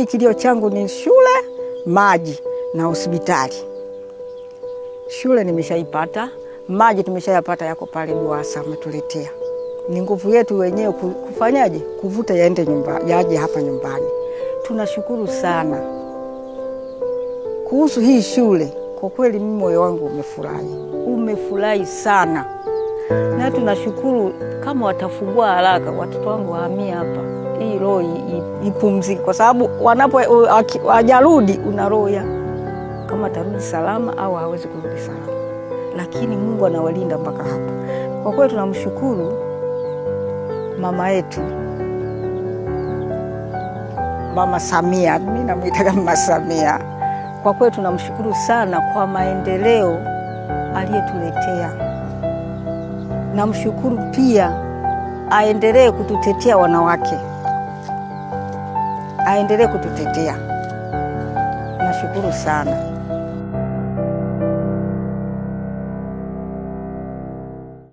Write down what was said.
Mimi kilio changu ni shule, maji na hospitali. Shule nimeshaipata, maji tumeshayapata, yako pale DUWASA ametuletea. Ni nguvu yetu wenyewe kufanyaje, kuvuta yaende nyumba, yaje hapa nyumbani. Tunashukuru sana kuhusu hii shule. Kwa kweli mimi moyo wangu umefurahi, umefurahi sana, na tunashukuru kama watafungua haraka watoto wangu wahamia hapa hii roho ipumzike, kwa sababu wanapo wajarudi, una roho ya kama atarudi salama au hawezi kurudi salama, lakini Mungu anawalinda mpaka hapa. Kwa kweli tunamshukuru mama yetu Mama Samia, mimi namwitaga kama Samia. Kwa kweli tunamshukuru sana kwa maendeleo aliyetuletea. Namshukuru pia aendelee kututetea wanawake aendelee kututetea. Nashukuru sana.